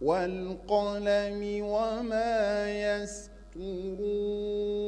والقلم وما يسطرون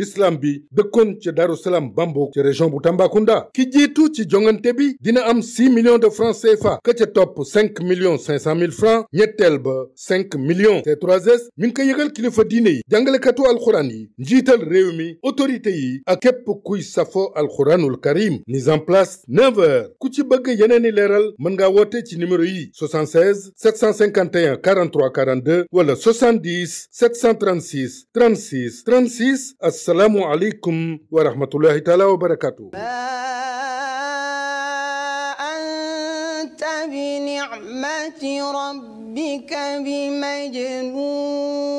l'islam bi dëkkoon ci Daaru Salaam Bambouk ca région bu Tambacounda ki jiitu ci jongante bi dina am 6 million de francs CFA ka ca topp 5 millions 500 mille francs ñetteel ba 5 millions c 3 mi ngi ko yëgal kilifa diine yi jàngalekatu alxuraan yi njiital réew mi autorité yi ak képp kuy safo alxuraanul karim mise en place 9 ku ci bëgg yeneen i leeral mën ngaa woote ci numéro yi 76 751 43 42 wala 70 736 36 36 asalaamu aleykum wa rahmatullahi taala wa barakaatu. anta bi ni'mati rabbika bi majnun